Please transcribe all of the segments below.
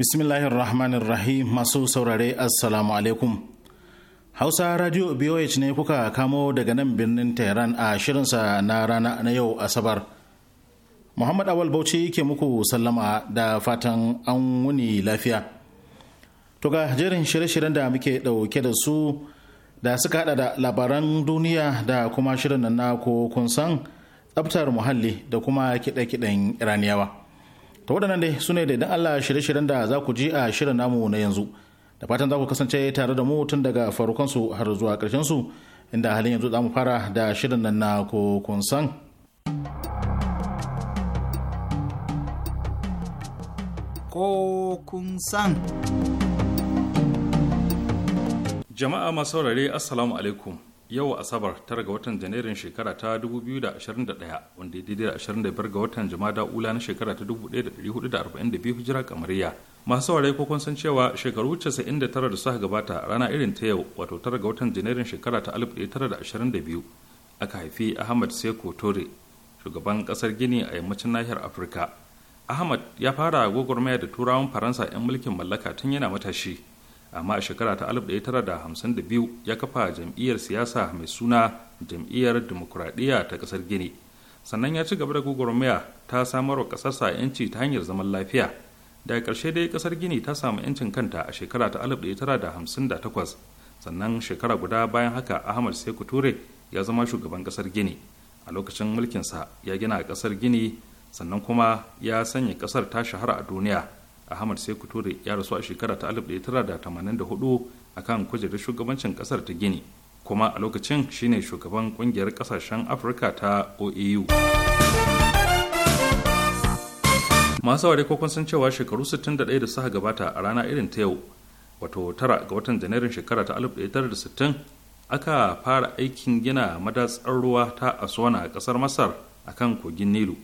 bismillahirrahmanirrahim masu saurare assalamu alaikum hausa radio boh ne kuka kamo daga nan birnin tehran a shirinsa na rana na yau asabar muhammad awal bauchi ke muku sallama da fatan an wuni lafiya to ga jerin shirye-shiryen da muke dauke da su da suka hada da labaran duniya da kuma shirin na ko kun san tsabtar muhalli da kuma kiɗe-kiɗen iraniyawa to waɗannan dai su ne da idan Allah shirye-shiryen da za ku ji a shirin namu na yanzu da fatan za ku kasance tare da mu tun daga farkon har zuwa ƙarshen su inda halin yanzu za mu fara da shirin nan na kokon san san jama'a masu saurare assalamu alaikum yau asabar tara ga watan janairun shekara ta 2021 wanda ya daidai da 25 ga watan jama'a ula na shekara ta 1442 hijira kamariya masu saurare ko kun san cewa shekaru 99 da suka gabata rana irin ta yau wato tara ga watan janairun shekara ta 1922 aka haifi ahmad seko tore shugaban kasar gini a yammacin nahiyar afirka ahmad ya fara gwagwarmaya da turawan faransa 'yan mulkin mallaka tun yana matashi amma a shekara ta 1952 ya kafa jam'iyyar siyasa mai suna jam'iyyar demokuraɗiyya ta ƙasar gini sannan ya ci gaba da gugurmaya ta samar wa ƙasarsa 'yanci ta hanyar zaman lafiya daga ƙarshe dai ƙasar gini ta samu 'yancin kanta a shekara ta 1958 sannan shekara guda bayan haka ahmad sekou ture ya zama shugaban ƙasar gini a lokacin mulkinsa ya gina ƙasar gini sannan kuma ya sanya ƙasar ta shahara a duniya ahmad sekou toure ya rasu a shekara ta 1984 akan kujerar shugabancin kasar ta gini kuma a lokacin shine shugaban kungiyar kasashen afirka ta oau masu ware ko san cewa shekaru 61 da suka gabata a rana irin ta yau wato tara ga watan janairun shekara ta 1960 aka fara aikin gina madatsar ruwa ta aswana a kasar masar akan kogin nilu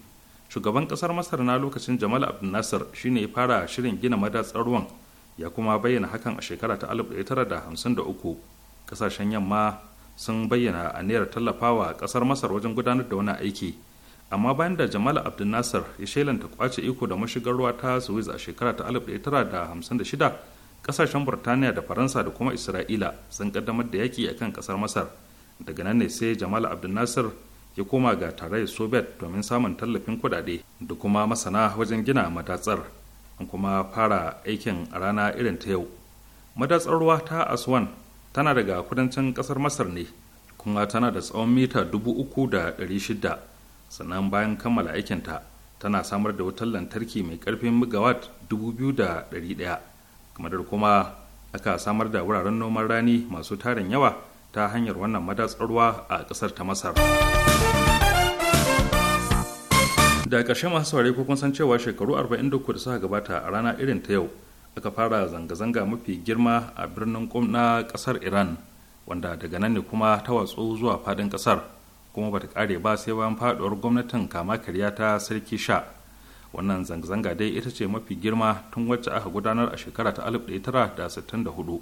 shugaban kasar masar na lokacin jamal abdul nasir shine ya fara shirin gina madatsar ruwan ya kuma bayyana hakan a shekara ta 1953 kasashen yamma sun bayyana a aniyar tallafawa kasar masar wajen gudanar da wani aiki amma bayan da jamal abdul nasir ya shelanta kwace iko da mashigar ruwa ta suwiz a shekara ta 1956 kasashen burtaniya da faransa da kuma isra'ila sun kaddamar da yaki akan kasar masar daga nan ne sai jamal abdul nasir ya koma ga tarayyar soviet domin samun tallafin kudade da kuma masana wajen gina matatsar an kuma fara aikin a rana irin ta yau matatsar ruwa ta aswan tana daga kudancin kasar masar ne kuma tana da tsawon mita dubu uku da ɗari shida sannan bayan kammala aikinta tana samar da wutar lantarki mai ƙarfin megawat dubu biyu da ɗari ɗaya kamar kuma aka samar da wuraren noman rani masu tarin yawa ta hanyar wannan madatsar ruwa a ƙasar ta masar. da ƙarshe masu saurari ko kun san cewa shekaru 43 da suka gabata a rana irin ta yau aka fara zanga-zanga mafi girma a birnin kum na ƙasar iran wanda daga nan ne kuma ta watsu zuwa faɗin ƙasar kuma bata kare ba sai bayan faɗuwar gwamnatin kama karya ta sarki sha wannan zanga-zanga dai ita ce mafi girma tun wacce aka gudanar a shekara ta 1964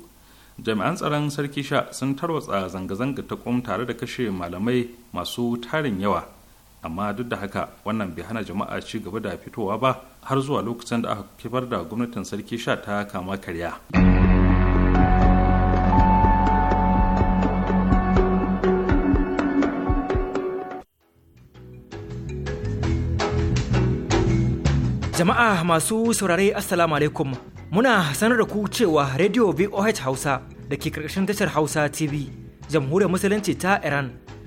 jami'an tsaron sarki sha sun tarwatsa zanga-zanga ta kum tare da kashe malamai masu tarin yawa amma duk da haka wannan bai hana jama'a ci gaba da fitowa ba har zuwa lokacin da aka kifar da gwamnatin sarki sha ta kama karya. Jama'a masu saurare Assalamu alaikum muna sanar da ku cewa Radio VOH Hausa da ke karkashin tashar Hausa TV jamhuriyar musulunci ta Iran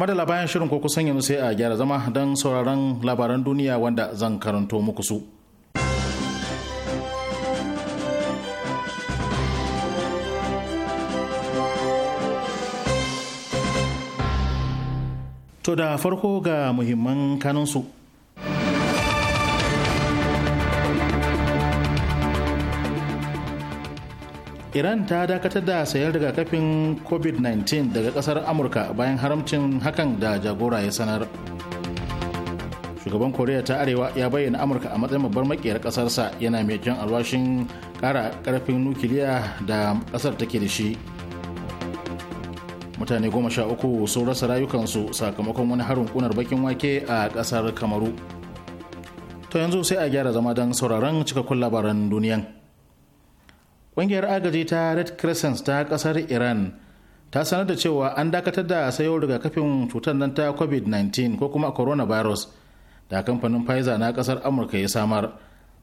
madala bayan shirin ko kusan yanzu sai a gyara zama don sauraron labaran duniya wanda zan karanto muku su. To da farko ga muhimman kanunsu. iran ta dakatar da sayar rigakafin covid-19 daga kasar amurka bayan haramcin hakan da jagora ya sanar shugaban koriya ta arewa ya bayyana amurka a matsayin babbar makiyar kasarsa yana mai jan alwashin kara karfin nukiliya da kasar take da shi mutane goma sha uku sun rasa rayukansu sakamakon wani harin kunar bakin wake a kasar kamaru to yanzu sai a gyara zama don sauraron cikakkun labaran duniyan kungiyar agaji ta Red Crescent ta kasar Iran ta sanar da cewa an dakatar da sayo rigakafin cutar nan ta COVID-19 ko kuma coronavirus da kamfanin Pfizer na kasar Amurka ya samar.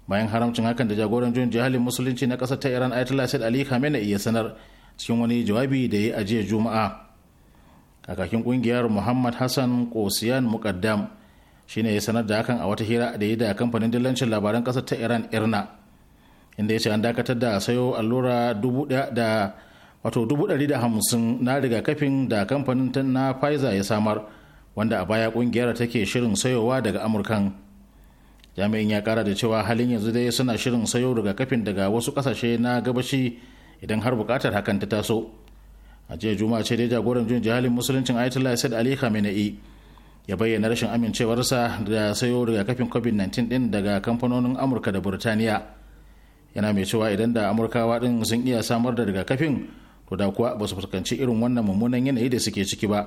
Bayan haramcin hakan da jagoran juyin jihalin musulunci na kasar ta Iran Ayatollah Said Ali Khamenei ya sanar cikin wani jawabi da ya a Juma'a. Kakakin ƙungiyar Muhammad Hassan Kosiyan Muqaddam shine ya sanar da hakan a wata hira da ya da kamfanin dillancin labaran ƙasar ta Iran Irna. inda ya ce an dakatar da sayo allura dubu da hamsin na rigakafin da kamfanin na pfizer ya samar wanda a baya kungiyar take shirin sayowa daga amurkan jami'in ya kara da cewa halin yanzu dai suna shirin sayo rigakafin daga wasu kasashe na gabashi idan har bukatar hakan ta taso a jiya juma'a ce dai jagoran jin jihalin musuluncin ayatollah said ali khamenei ya bayyana rashin amincewarsa da sayo rigakafin covid-19 din daga kamfanonin amurka da burtaniya yana mai cewa idan da amurkawa din sun iya samar da rigakafin to da kuwa ba su fuskanci irin wannan mummunan yanayi da suke ciki ba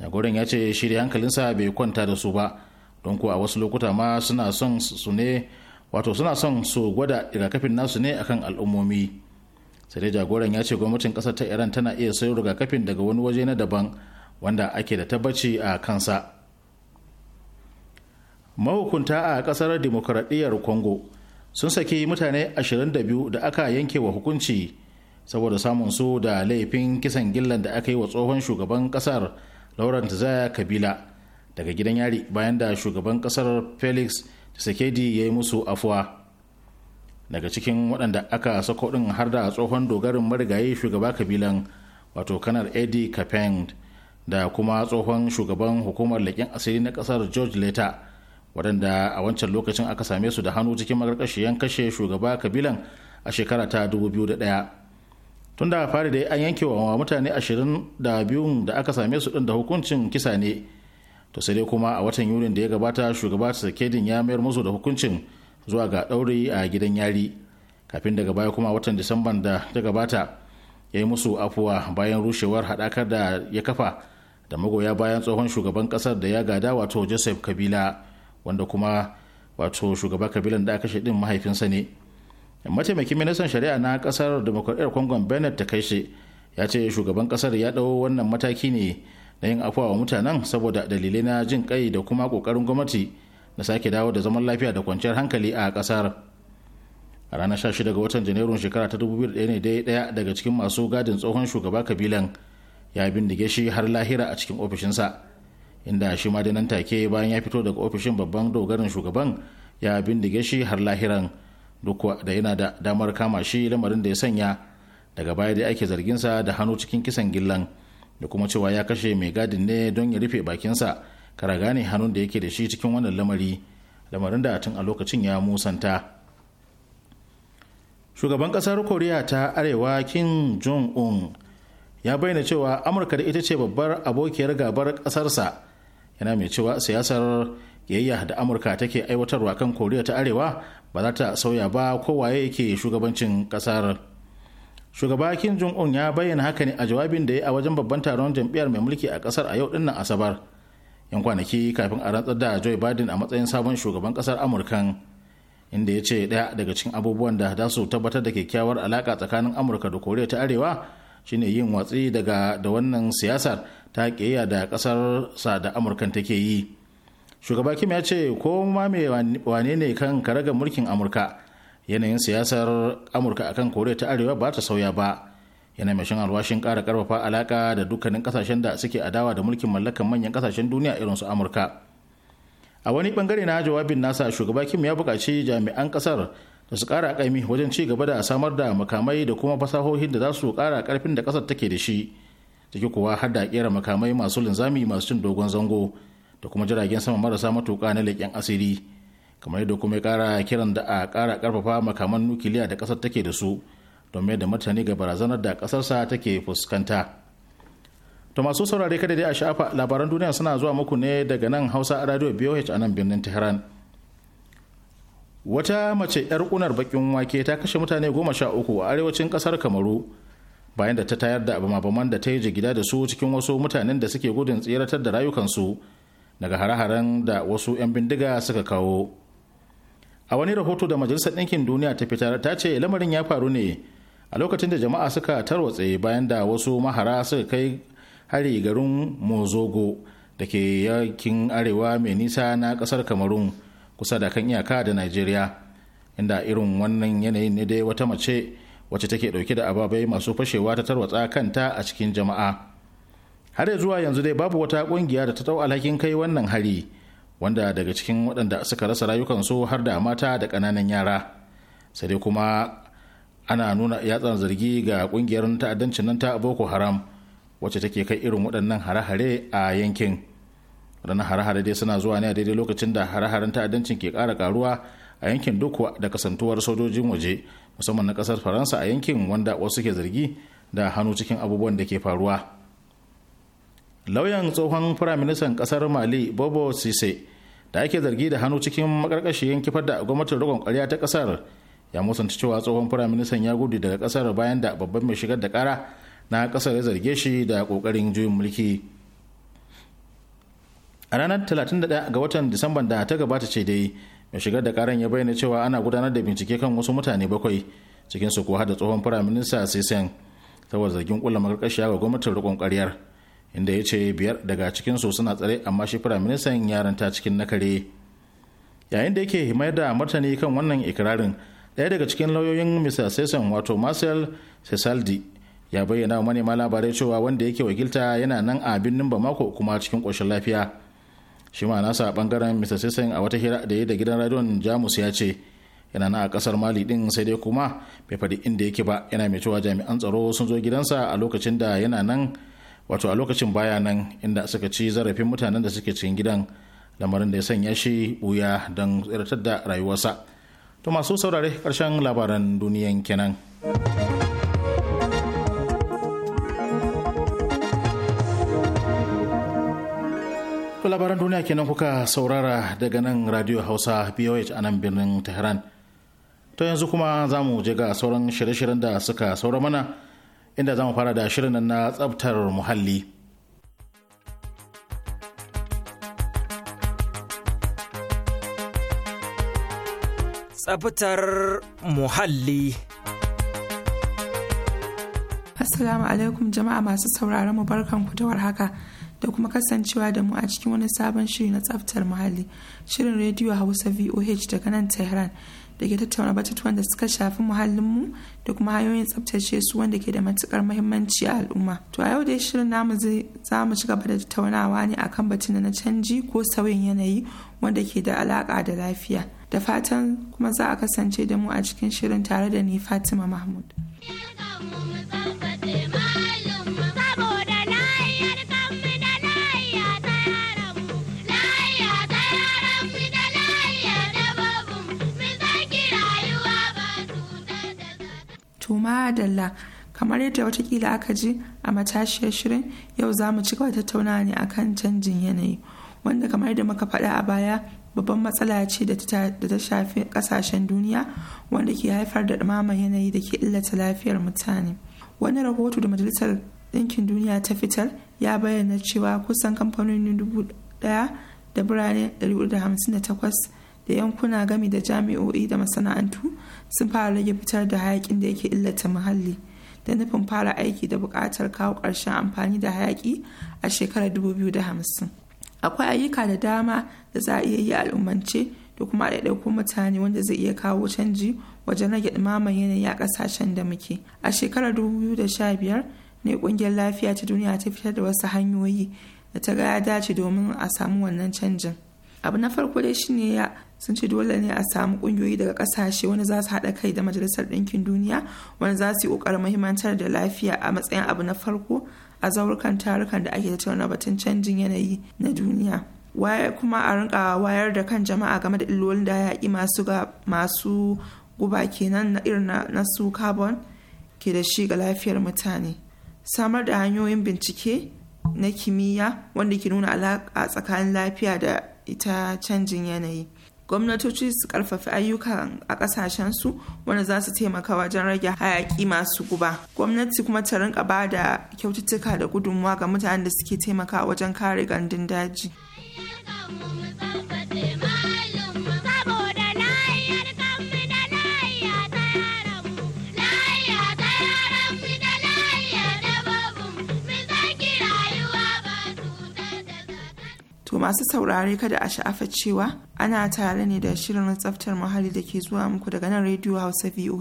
jagoran ya ce shirya hankalinsa bai kwanta da su ba don kuwa wasu lokuta ma suna son su ne wato suna son su gwada rigakafin nasu ne akan al'ummomi sai dai jagoran ya ce gwamnatin kasar ta iran tana iya sayo rigakafin daga wani waje na daban wanda ake da tabbaci a kansa mahukunta a kasar dimokuraɗiyyar kongo. sun saki mutane 22 da aka yanke wa hukunci saboda samun su da laifin kisan gillan da aka yi wa tsohon shugaban kasar laurent zaya kabila daga gidan yari bayan da shugaban kasar felix tsakedi ya yi musu afuwa daga cikin waɗanda aka sako ɗin har da tsohon dogarin marigayi shugaba kabilan wato kanar eddie capend da kuma tsohon shugaban hukumar leƙen asiri na ƙasar george leta waɗanda a wancan lokacin aka same su da hannu cikin magarƙashiyan kashe shugaba kabilan a shekara ta 2001 tun da fari dai an yanke wa mutane 22 da aka same su ɗin da hukuncin kisa ne to sai dai kuma a watan yuni da ya gabata shugaba sakedin ya mayar musu da hukuncin zuwa ga ɗauri a gidan yari kafin daga baya kuma watan disamban da ta gabata ya yi musu afuwa bayan rushewar haɗakar da ya kafa da magoya bayan tsohon shugaban ƙasar da ya gada wato joseph kabila wanda kuma wato shugaba kabilan da aka kashe din mahaifinsa ne mataimakin ministan shari'a na kasar demokuraɗiyar kwangon bennett ta kai shi ya ce shugaban kasar ya ɗau wannan mataki ne na yin afuwa wa mutanen saboda dalilai na jin kai da kuma kokarin gwamnati na sake dawo da zaman lafiya da kwanciyar hankali a kasar a ranar 16 ga watan janairun shekara ta 2001 ne dai daya daga cikin masu gadin tsohon shugaba kabilan ya bindige shi har lahira a cikin ofishinsa inda shi ma da nan take bayan ya fito daga ofishin babban dogarin shugaban ya bindige shi har lahiran duk da yana da damar kama shi lamarin da ya sanya daga baya da ake zarginsa da hannu cikin kisan gillan da kuma cewa ya kashe mai gadin ne don ya rufe bakinsa kara gane hannun da yake da shi cikin wannan lamari lamarin da tun a lokacin ya musanta shugaban kasar koriya ta arewa kim jong un ya bayyana cewa amurka da ita ce babbar abokiyar gabar kasarsa yana mai cewa siyasar yayya da amurka take aiwatarwa kan koriya ta arewa ba za ta sauya ba kowaye yake shugabancin kasar shugaba kim jong un ya bayyana haka ne a jawabin da ya a wajen babban taron jam'iyyar mai mulki a kasar a yau dinnan asabar yan kwanaki kafin a rantsar da joe biden a matsayin sabon shugaban kasar amurka inda ya ce daya daga cikin abubuwan da za su tabbatar da kyakkyawar alaka tsakanin amurka da koriya ta arewa shine yin watsi daga da wannan siyasar ta ƙiyayya da ƙasarsa da amurkan take yi shugaba kim ya ce ko ma mai wane ne kan karagar mulkin amurka yanayin siyasar amurka akan koriya ta arewa ba ta sauya ba yana mai shan alwashin ƙara ƙarfafa alaƙa da dukkanin kasashen da suke adawa da mulkin mallakan manyan ƙasashen duniya irin su amurka a wani bangare na jawabin nasa shugaba kim ya buƙaci jami'an ƙasar da su ƙara ƙaimi wajen ci gaba da samar da makamai da kuma fasahohin da za su ƙara ƙarfin da ƙasar take da shi ciki kuwa har da kera makamai masu linzami masu cin dogon zango da kuma jiragen sama marasa matuka na leƙen asiri kamar yadda kuma ya kara kiran da a kara karfafa makaman nukiliya da ƙasar take da su domin da mutane ga barazanar da kasarsa take fuskanta to masu saurare kada dai a shafa labaran duniya suna zuwa muku ne daga nan hausa a radio boh a nan birnin tehran wata mace 'yar kunar bakin wake ta kashe mutane goma sha uku a arewacin kasar kamaru bayan da ta tayar da abumabaman da ta yi jigida da su cikin wasu mutanen da suke gudun tseratar da rayukansu daga hare-haren da wasu 'yan bindiga suka kawo a wani rahoto da majalisar ɗinkin duniya ta fitar ta ce lamarin ya faru ne a lokacin da jama'a suka tarwatse bayan da wasu mahara suka kai hari garin mozogo da ke yankin arewa mai nisa na ƙasar kamarun kusa da kan iyaka da nigeria inda irin wannan yanayin ne dai wata mace wacce take dauke da ababai masu fashewa ta tarwatsa kanta a cikin jama'a har zuwa yanzu dai babu wata kungiya da ta tau alhakin kai wannan hari wanda daga cikin waɗanda suka rasa rayukansu har da mata da kananan yara sai dai kuma ana nuna yatsan zargi ga kungiyar ta'addancin nan ta boko haram wacce take kai irin waɗannan hare-hare a yankin waɗannan hare-hare dai suna zuwa ne a daidai lokacin da hare-haren ta'addancin ke ƙara karuwa a yankin duk da kasantuwar sojojin waje musamman na kasar faransa a yankin wanda wasu ke zargi da hannu cikin abubuwan da ke faruwa lauyan tsohon firaministan kasar mali bobo sise da ake zargi da hannu cikin makarkashiyan kifar da gwamnatin rikon karya ta kasar ya musanta cewa tsohon firaministan ya gudu daga kasar bayan da babban mai shigar da kara na kasar ya zarge shi da kokarin juyin mulki a ranar 31 ga watan disamban da ta gabata ce dai mai shigar da karan ya bayyana cewa ana gudanar da bincike kan wasu mutane bakwai cikin su kuwa da tsohon firaminista sisen saboda zargin kula makarkashiya ga gwamnatin rikon karyar inda ya ce biyar daga cikin su suna tsare amma shi firaministan yaran ta cikin nakare. yayin da yake himayar da martani kan wannan ikirarin daya daga cikin lauyoyin mr sisen wato marcel sesaldi ya bayyana wa manema labarai cewa wanda yake wakilta yana nan a birnin bamako kuma cikin koshin lafiya shi ma nasa a bangaren mr sisson a wata hira da ya da gidan radion jamus ya ce yana na a kasar mali din sai dai kuma bai faɗi inda yake ba yana mai cewa jami'an tsaro sun zo gidansa a lokacin da yana nan wato a lokacin baya nan inda suka ci zarafin mutanen da suke cikin gidan lamarin da ya sanya shi buya don tsiratar da rayuwarsa to masu saurare karshen labaran duniyan kenan. To labaran duniya kenan kuka saurara daga nan Radio Hausa BOH a nan birnin Tehran. To yanzu kuma za mu je ga sauran shirye-shiryen da suka saura mana inda za mu fara da shirin na tsabtar muhalli. Tsabtar muhalli. Assalamu alaikum jama'a masu sauraron mu barkanku da warhaka. haka. da kuma kasancewa da mu a cikin wani sabon shiri na tsaftar muhalli shirin rediyo hausa voh daga nan tehran da ke tattauna batutuwan da suka shafi muhallinmu da kuma hanyoyin tsaftace su wanda ke da matukar muhimmanci a al'umma to a yau dai shirin namu za mu ci gaba da tattaunawa ne akan batun na canji ko sauyin yanayi wanda ke da alaka da lafiya da fatan kuma za a kasance da mu a cikin shirin tare da ni fatima mahmud. to madalla kamar yadda watakila aka ji a matashiyar shirin yau za mu ci gaba tattaunawa ne akan canjin yanayi wanda kamar yadda muka faɗa a baya babban matsala ce da ta shafi kasashen duniya wanda ke haifar da ɗumamar yanayi da ke illata lafiyar mutane wani rahoto da majalisar ɗinkin duniya ta fitar ya bayyana cewa kusan kamfanoni dubu ɗaya da birane 158 da yankuna gami da jami'o'i da masana'antu sun fara rage fitar da hayakin da yake illata muhalli da nufin fara aiki da buƙatar kawo ƙarshen amfani da hayaki a shekarar da hamsin akwai ayyuka da dama da za a iya yi al'ummance da kuma a ɗaiɗaikun mutane wanda zai iya kawo canji wajen rage ɗumamar yanayi a ƙasashen da muke a shekarar sha biyar ne ƙungiyar lafiya ta duniya ta fitar da wasu hanyoyi da ta ga ya dace domin a samu wannan canjin abu na farko dai shine sun ce dole ne a samu kungiyoyi daga kasashe wani za su haɗa kai da majalisar ɗinkin duniya wani za su yi ƙoƙarin muhimmantar da lafiya a matsayin abu na farko a zaurukan tarukan da ake tattauna batun canjin yanayi na duniya waye kuma a rinka wayar da kan jama'a game da illolin da yaƙi masu ga masu guba kenan na irin na su carbon ke da shi ga lafiyar mutane samar da hanyoyin bincike na kimiyya wanda ke nuna alaƙa tsakanin lafiya da ita canjin yanayi gwamnatoci su karfafi ayyuka a kasashensu wanda za su taimaka wajen rage hayaki masu guba gwamnati kuma ta rinka ba da kyaututtuka da gudunmuwa ga mutanen da suke taimaka wajen kare gandun daji. masu saurare kada a sha'afa cewa ana tare ne da shirin tsaftar muhalli da ke zuwa muku daga nan rediyo hausa voh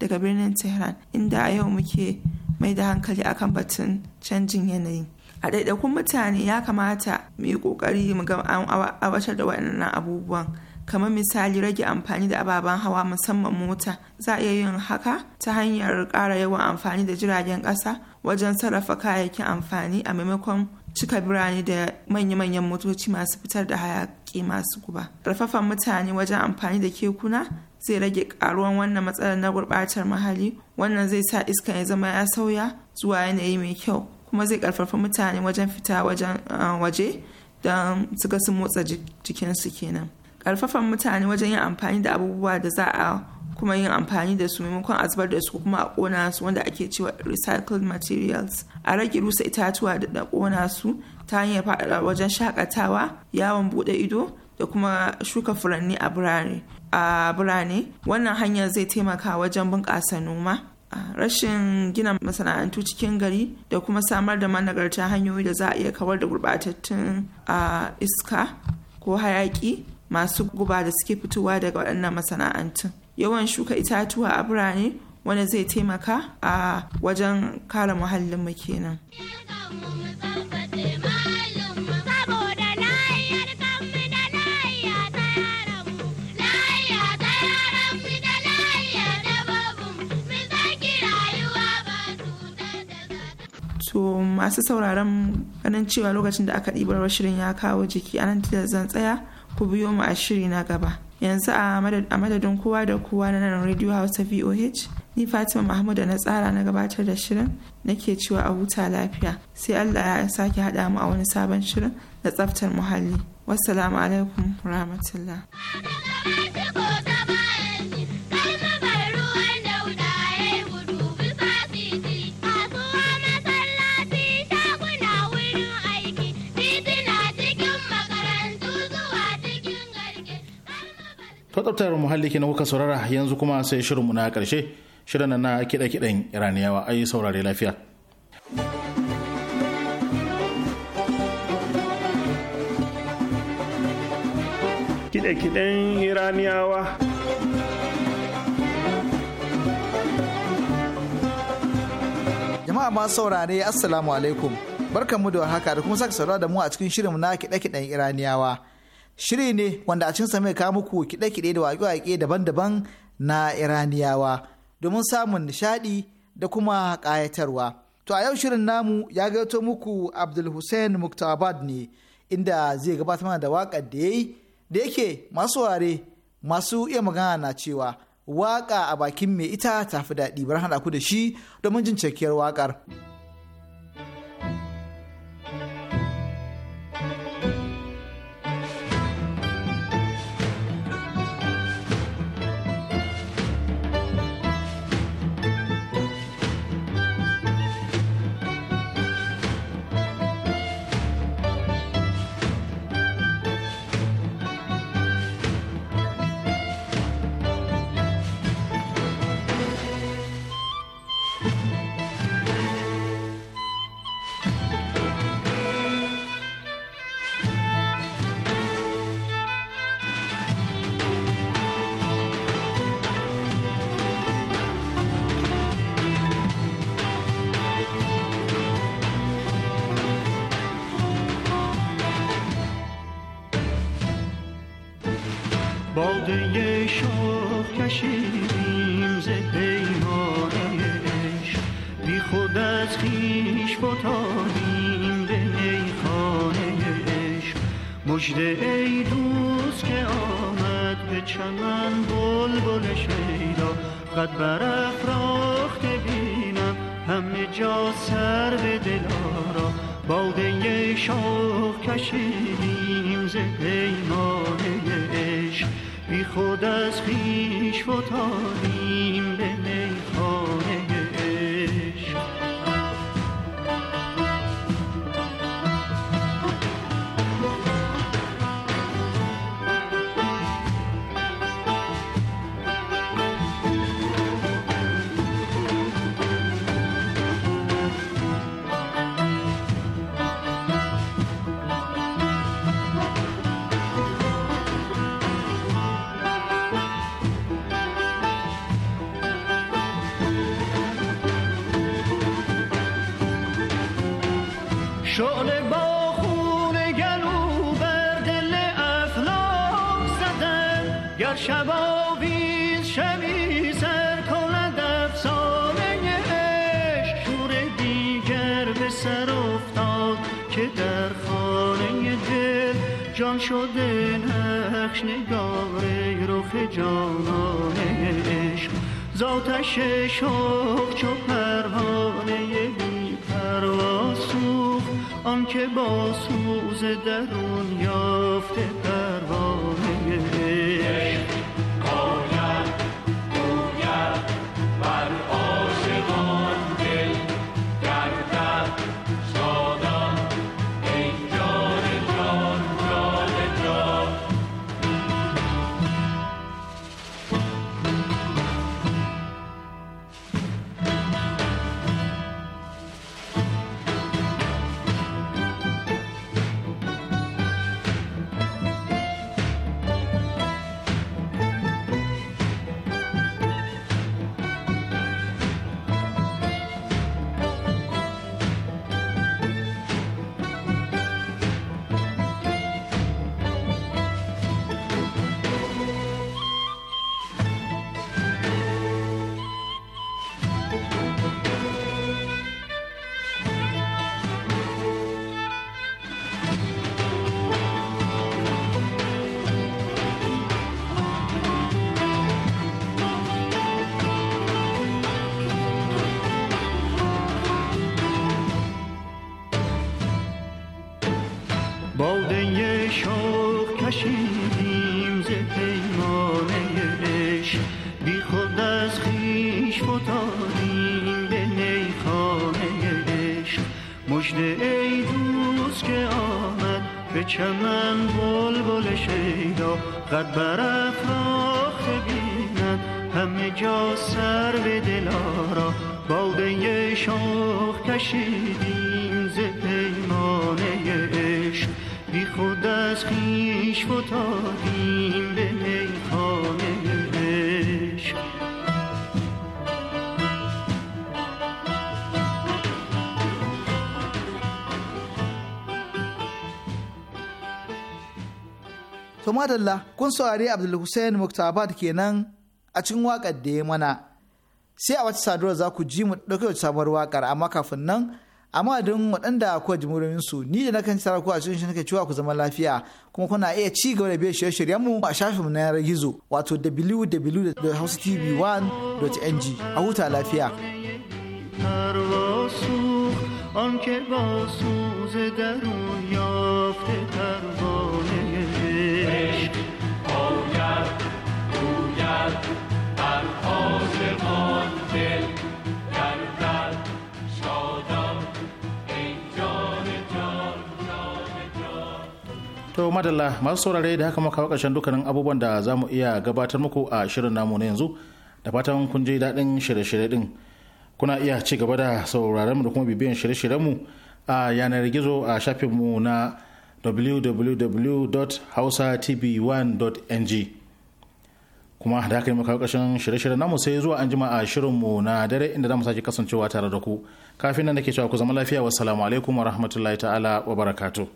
daga birnin tehran inda a yau muke mai da hankali akan batun canjin yanayi a ɗaiɗaikun mutane ya kamata mu yi ƙoƙari mu ga an awatar da waɗannan abubuwan kamar misali rage amfani da ababen hawa musamman mota za a iya yin haka ta hanyar ƙara yawan amfani da jiragen ƙasa wajen sarrafa kayayyakin amfani a maimakon cika birane da manya-manyan motoci masu fitar da hayaki masu guba rafafan mutane wajen amfani da kekuna zai rage karuwan wannan matsalar na gurɓatar mahalli wannan zai sa iska ya zama ya sauya zuwa yanayi mai kyau kuma zai karfafa mutane wajen fita wajen ah, waje don su ga su motsa jikinsu kenan karfafan mutane wajen yin amfani da abubuwa da za a kuma yin amfani da su maimakon a zubar da su kuma a ƙona su wanda ake cewa recycled materials a rage rusa itatuwa da kona su ta hanyar faɗaɗa wajen shakatawa yawon buɗe ido da kuma shuka furanni a birane a birane wannan hanyar zai taimaka wajen bunƙasa noma rashin gina masana'antu cikin gari da kuma samar da managarta hanyoyi da za a iya kawar da gurɓatattun iska ko hayaƙi masu guba da suke fitowa daga waɗannan masana'antun yawan shuka itatuwa a birane wanda zai taimaka a wajen kare muhallinmu kenan. to masu sauraron ganin cewa lokacin da aka ɗibar shirin ya kawo jiki anan da zan tsaya ku biyo mu a shiri na gaba. yanzu a madadin kowa da kowa na nan radio hausa voh ni fatima mahmud na tsara na gabatar da shirin nake cewa a huta lafiya sai allah ya sake haɗa mu a wani sabon shirin na tsaftar muhalli wassalamu alaikum rahmatullah to tsabtar muhalli kenan kuka saurara yanzu kuma sai shirinmu na karshe shirin na kiɗe-kiɗen iraniyawa ai saurare lafiya kiɗe-kiɗen iraniyawa jama'a masu saurare assalamu alaikum barkanmu da warhaka da kuma saka saurara da mu a cikin shirin na kiɗe-kiɗen iraniyawa shiri ne wanda a cinsa mai kawo muku kiɗe-kiɗe da waƙe-waƙe daban-daban na iraniyawa domin samun nishaɗi da kuma ƙayatarwa to a yau shirin namu ya gaito muku abdul hussein muktabad ne inda zai gabata mana da waƙar da ya yi da yake masu ware masu iya magana na cewa waƙa a bakin mai ita tafi daɗi bar haɗa ku da shi domin jin cakiyar waƙar. سر به دلارا باده شاخ کشیدیم ز پیمانه عشق بی خود از خویش فتادیم باویز شبی سر در افسانه اش شور دیگر به سر افتاد که در خانه دل جان شده نقش نگار رخ جانان عشق ذاتش شوق چو پروانه بی پرواز آن آنکه با سوز درون یافته مجد ای دوست که آمد به چمن بل شیدا قد بر بیند همه جا سر به دلارا باده شاخ کشیدیم ز پیمانه عشق بی خود از خویش فتادیم To madalla kun saurari Abdul Hussein Muktabad kenan a cikin wakar da ya mana. Sai a wata saduwar za ku ji mu ɗauke da sabuwar waƙar amma kafin nan a don waɗanda kuwa jimurorin su ni da nakan tsara ku a cikin shirin cewa ku zama lafiya kuma kuna iya ci gaba da biyan shirye-shiryen mu a shafin mu na yanar gizo wato www.housetv1.ng a huta lafiya. آنکه با سوز درون یافته پروانه To madalla masu saurare da haka maka ƙarshen dukkanin abubuwan da za mu iya gabatar muku a shirin namu na yanzu da fatan kun ji daɗin shirye-shirye ɗin. Kuna iya ci gaba da sauraron mu da kuma bibiyan shirye mu a yanar gizo a shafinmu na www.hausatv1.ng. kuma da yi maka ƙarshen shirye-shirye namu sai zuwa an jima a shirinmu na dare inda zamu sake kasancewa tare da ku kafin nan nake cewa ku zama lafiya wa salamu alaikum wa rahmatullahi ta'ala wa barakatu